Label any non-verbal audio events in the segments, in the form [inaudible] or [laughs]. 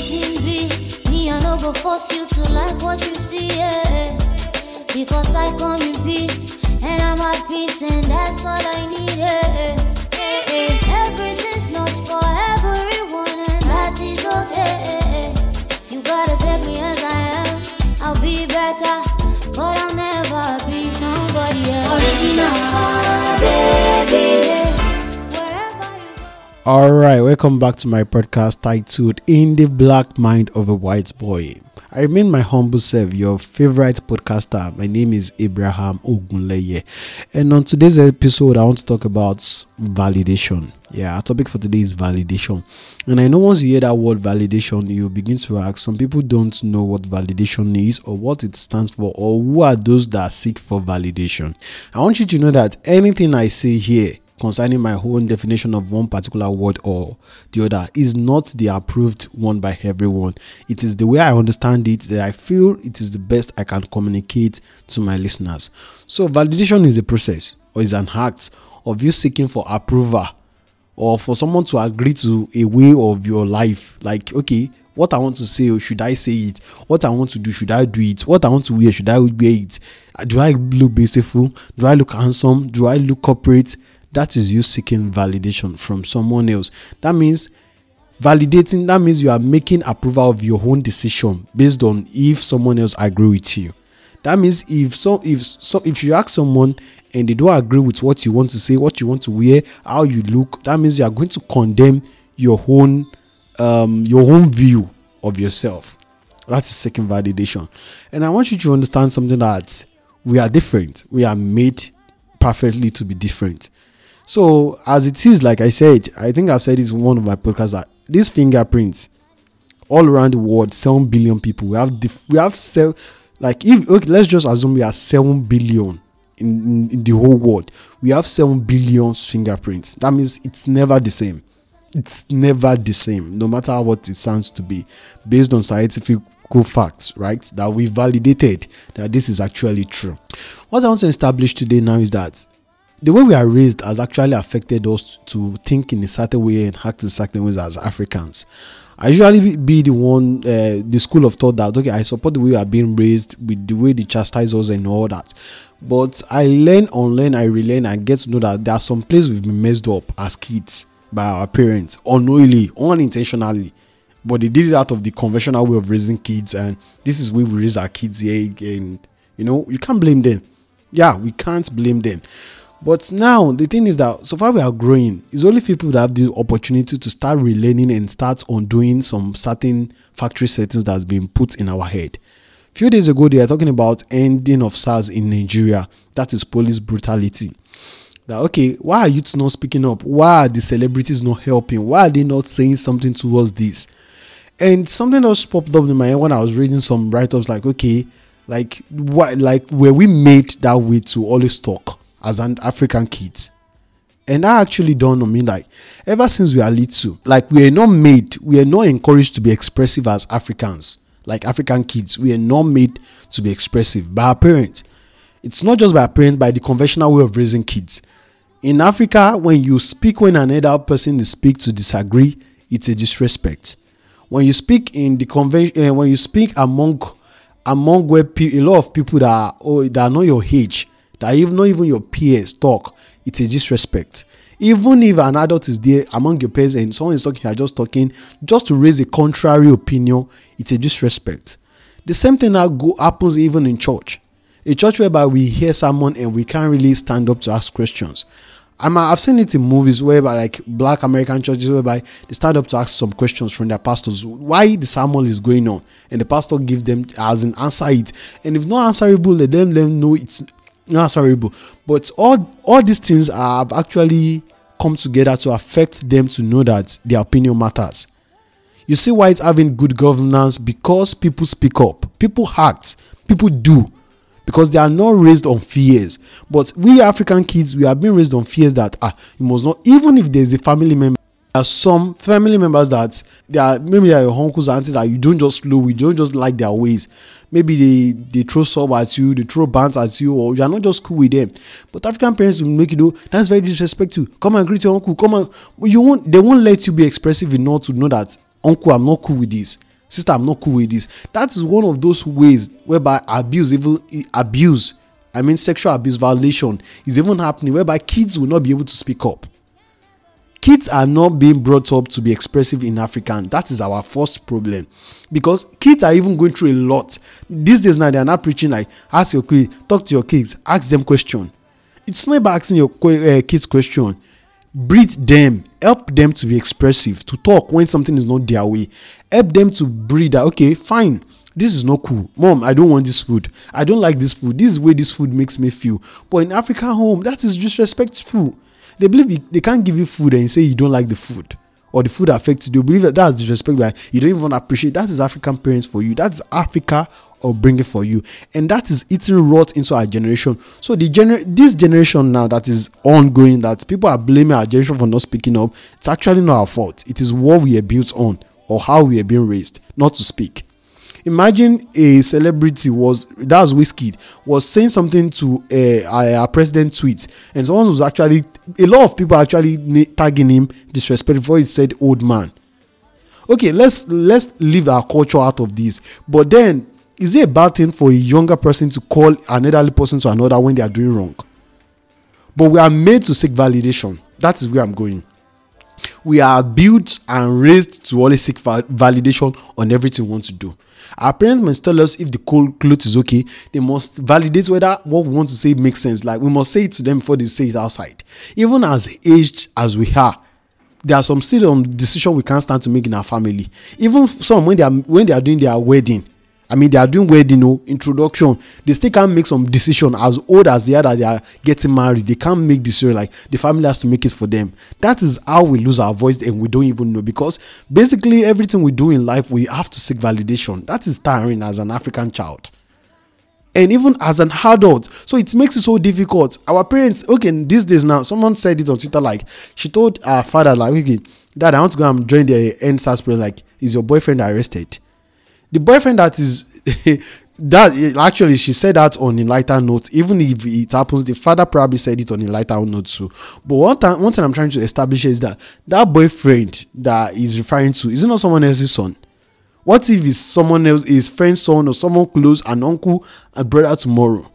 TV. Me, I no go force you to like what you see, yeah. Because I come in peace, and I'm at peace, and that's all I need, yeah. Everything's not for everyone, and that is okay. You gotta take me as I am. I'll be better, but I'll never be somebody else. Original, all right, welcome back to my podcast titled In the Black Mind of a White Boy. I remain my humble self, your favorite podcaster. My name is Abraham Ogunleye. And on today's episode, I want to talk about validation. Yeah, our topic for today is validation. And I know once you hear that word validation, you begin to ask some people don't know what validation is or what it stands for or who are those that seek for validation. I want you to know that anything I say here concerning my own definition of one particular word or the other is not the approved one by everyone. It is the way I understand it that I feel it is the best I can communicate to my listeners. So, validation is a process or is an act of you seeking for approval or for someone to agree to a way of your life. Like, okay, what I want to say, should I say it? What I want to do, should I do it? What I want to wear, should I wear it? Do I look beautiful? Do I look handsome? Do I look corporate? that is you seeking validation from someone else. That means validating, that means you are making approval of your own decision based on if someone else agree with you. That means if so if so if you ask someone and they don't agree with what you want to say, what you want to wear, how you look, that means you are going to condemn your own um, your own view of yourself. That's second validation. And I want you to understand something that we are different. We are made perfectly to be different. So, as it is, like I said, I think I've said this one of my podcasts that these fingerprints all around the world, 7 billion people. We have, dif- we have, like, if, okay, let's just assume we are 7 billion in, in, in the whole world. We have 7 billion fingerprints. That means it's never the same. It's never the same, no matter what it sounds to be, based on scientific facts, right? That we validated that this is actually true. What I want to establish today now is that the way we are raised has actually affected us to think in a certain way and act in certain ways as Africans. I usually be the one, uh, the school of thought that okay, I support the way we are being raised with the way they chastise us and all that. But I learn, unlearn, I relearn, I get to know that there are some places we've been messed up as kids by our parents, unknowingly, unintentionally. But they did it out of the conventional way of raising kids, and this is where we raise our kids here. And you know, you can't blame them. Yeah, we can't blame them. But now the thing is that so far we are growing. It's only people that have the opportunity to start relearning and start doing some certain factory settings that's been put in our head. A few days ago, they are talking about ending of SARS in Nigeria. That is police brutality. That okay, why are youths not speaking up? Why are the celebrities not helping? Why are they not saying something towards this? And something else popped up in my head when I was reading some write-ups like, okay, like what like were we made that way to always talk? as an African kid, And that actually dawned on me like, ever since we are little, like we are not made, we are not encouraged to be expressive as Africans, like African kids. We are not made to be expressive by our parents. It's not just by our parents, by the conventional way of raising kids. In Africa, when you speak when an adult person is speak to disagree, it's a disrespect. When you speak in the convention, uh, eh, when you speak among among where pe- a lot of people that are oh, that are not your age, that even not even your peers talk, it's a disrespect. Even if an adult is there among your peers and someone is talking, you're just talking, just to raise a contrary opinion, it's a disrespect. The same thing that go, happens even in church. A church whereby we hear someone and we can't really stand up to ask questions. i have seen it in movies whereby like black American churches whereby they stand up to ask some questions from their pastors why the sermon is going on and the pastor give them as an answer it and if not answerable let them let them know it's not ah, sorry, but all all these things have actually come together to affect them to know that their opinion matters you see why it's having good governance because people speak up people act people do because they are not raised on fears but we african kids we have been raised on fears that ah you must not even if there's a family member are some family members that they are maybe they are your uncles and aunties that you don't just love, you don't just like their ways. Maybe they they throw sub at you, they throw bands at you, or you are not just cool with them. But African parents will make you know that's very disrespectful. Come and greet your uncle. Come and you won't. They won't let you be expressive enough to know that uncle, I'm not cool with this. Sister, I'm not cool with this. That is one of those ways whereby abuse, even abuse, I mean sexual abuse violation, is even happening. Whereby kids will not be able to speak up kids are not being brought up to be expressive in African. That is our first problem. Because kids are even going through a lot. These days now, they are not preaching like, ask your kids, talk to your kids, ask them question. It's not about asking your uh, kids question. Breathe them, help them to be expressive, to talk when something is not their way. Help them to breathe. Okay, fine. This is not cool. Mom, I don't want this food. I don't like this food. This is the way this food makes me feel. But in African home, that is disrespectful they believe you, they can't give you food and say you don't like the food or the food affects you. They believe that that's disrespect that you don't even appreciate. That is African parents for you. That's Africa or bring it for you. And that is eating rot into our generation. So the gener- this generation now that is ongoing, that people are blaming our generation for not speaking up, it's actually not our fault. It is what we are built on or how we are being raised, not to speak. Imagine a celebrity was that's whiskey was saying something to a, a, a president tweet, and someone was actually a lot of people actually tagging him disrespectful. He said old man. Okay, let's let's leave our culture out of this. But then, is it a bad thing for a younger person to call an elderly person to another when they are doing wrong? But we are made to seek validation. That is where I'm going we are built and raised to only seek validation on everything we want to do. Our parents must tell us if the cold clothes is okay. They must validate whether what we want to say makes sense. Like we must say it to them before they say it outside. Even as aged as we are, there are some still um, decision we can't stand to make in our family. Even some when they are when they are doing their wedding, I mean, they are doing wedding, you know, introduction. They still can't make some decision as old as they are that they are getting married. They can't make decision like the family has to make it for them. That is how we lose our voice and we don't even know because basically everything we do in life, we have to seek validation. That is tiring as an African child. And even as an adult, so it makes it so difficult. Our parents, okay, these days now, someone said it on Twitter, like she told her father, like, okay, dad, I want to go and join the NSAS Like, is your boyfriend arrested? the boyfriend that is [laughs] that actually she said that on a lighter note even if it happens the father probably said it on a lighter note too but one time one thing i'm trying to establish is that that boyfriend that is referring to is not someone else's son what if it's someone else his friend's son or someone close an uncle and brother tomorrow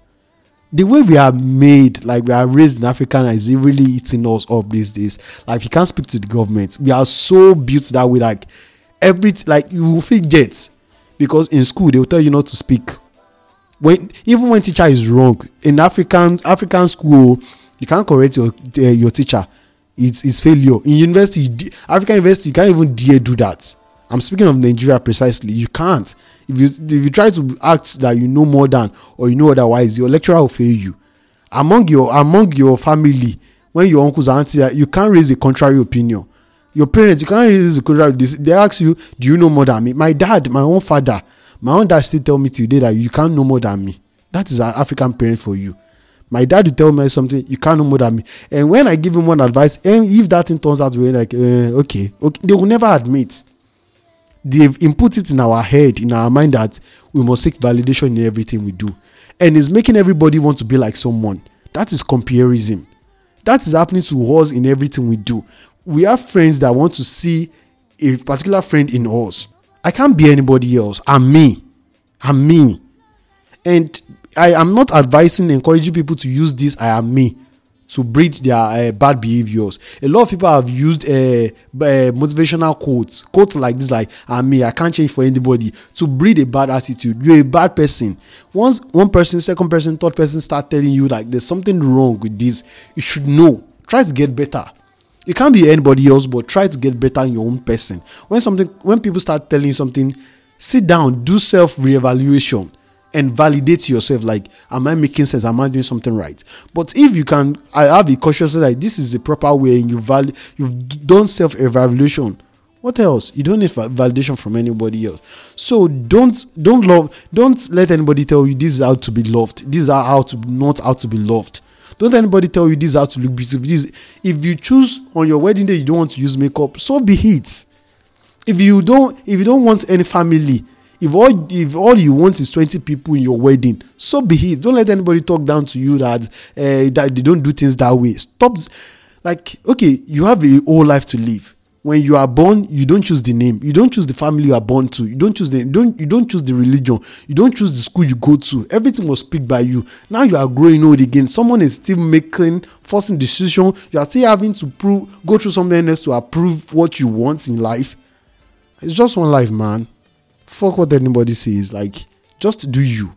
the way we are made like we are raised in africa is really eating us up these days like you can't speak to the government we are so built that way like every like you feel jets because in school they'll tell you not to speak when even when teacher is wrong in african african school you can't correct your uh, your teacher it's it's failure in university african university you can't even dare do that i'm speaking of nigeria precisely you can't if you if you try to act that you know more than or you know otherwise your lecturer will fail you among your among your family when your uncles and aunties you can't raise a contrary opinion your parents you can't resist the cultural this they ask you do you know more than me my dad my own father my own dad still tell me today that you can't know more than me that is an african parent for you my dad would tell me something you can't know more than me and when i give him one advice and if that thing turns out to be like uh, okay okay they will never admit they've input it in our head in our mind that we must seek validation in everything we do and it's making everybody want to be like someone that is comparison that is happening to us in everything we do we have friends that want to see a particular friend in us. I can't be anybody else. I'm me. I'm me. And I am not advising, encouraging people to use this I am me to breed their uh, bad behaviors. A lot of people have used uh, uh, motivational quotes, quotes like this, like "I am me, I can't change for anybody," to breed a bad attitude. You're a bad person. Once one person, second person, third person start telling you like there's something wrong with this, you should know. Try to get better. You can't be anybody else, but try to get better in your own person. When something, when people start telling you something, sit down, do self reevaluation, and validate yourself. Like, am I making sense? Am I doing something right? But if you can, I have a conscious that like, this is the proper way, and you value, you've done self evaluation. What else? You don't need validation from anybody else. So don't don't love don't let anybody tell you this is how to be loved. This is how to not how to be loved don't anybody tell you this how to look beautiful. This, if you choose on your wedding day you don't want to use makeup, so be it. If you don't, if you don't want any family, if all if all you want is 20 people in your wedding so be it don't let anybody talk down to you that uh, that they don't do things that way stop like okay you have a whole life to live when you are born you don't choose the name you don't choose the family you are born to you don't choose the you don't you don't choose the religion you don't choose the school you go to everything was picked by you now you are growing old again someone is still making forcing decision you are still having to prove go through something else to approve what you want in life it's just one life man fuck what anybody says like just do you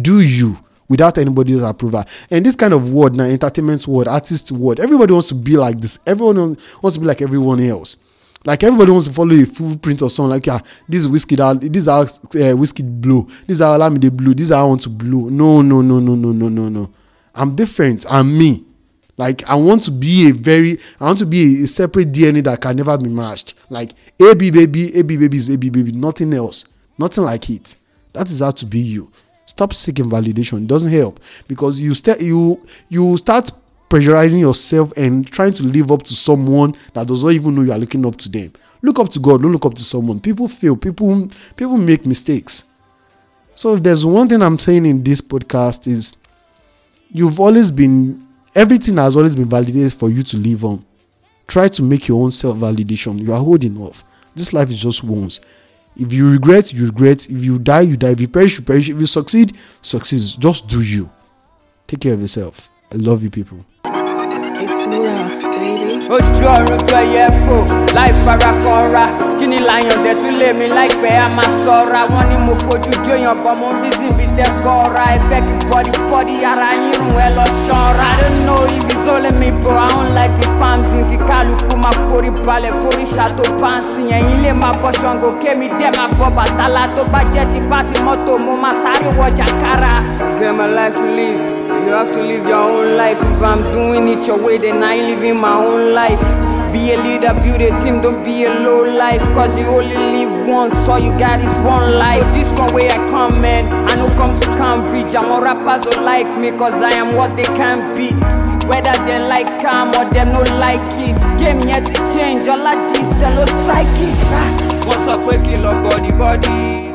do you without anybody's approval. And this kind of world now, entertainment world, artist world, everybody wants to be like this. Everyone wants to be like everyone else. Like everybody wants to follow a footprint of someone. Like, yeah, this is whiskey that this is how uh, whiskey blue. This is how Lamide blow. This is how I want to blue. No, no, no, no, no, no, no, no. I'm different. I'm me. Like I want to be a very, I want to be a, a separate DNA that can never be matched. Like AB baby, AB baby is AB baby, nothing else, nothing like it. That is how to be you. Stop seeking validation. It doesn't help because you st- you you start pressurizing yourself and trying to live up to someone that does not even know you are looking up to them. Look up to God, don't look up to someone. People fail, people people make mistakes. So if there's one thing I'm saying in this podcast is you've always been everything has always been validated for you to live on. Try to make your own self validation. You are holding off. This life is just once. If you regret, you regret. If you die, you die. If you perish, you perish. If you succeed, succeed. Just do you. Take care of yourself. I love you, people. ojú fò láì skinny lion dẹ̀ tún lé mi láìpẹ́ a máa sọra wọn ni mo fojú jóyàn bọ́ mo ń bí dẹ̀ bọ́ra kí bọ́dí bọ́dí ara yín ẹ lọ ṣanra. I don't know if it's only me but I don't like the farms in kíkálukú máa forí balẹ̀ forí ṣàtò pàǹsì ẹ̀yìn lè máa bọ́ ṣàngó kémi dẹ̀ máa bọ́ bàtálá tó bá jẹ́ ti bá ti mọ́tò mo máa sáré wọ jàkárà. Get my life to live. You have to live your own life. If I'm doing it your way, then I live in my own life. Be a leader, build a team, don't be a low life. Cause you only live once, all you got is one life. So this one way I come, man. I no come to Cambridge. I want rappers who like me, cause I am what they can't beat. Whether they like calm or they no like it. Game yet to change, all of this, they no strike it. What's up, waking love, body, body.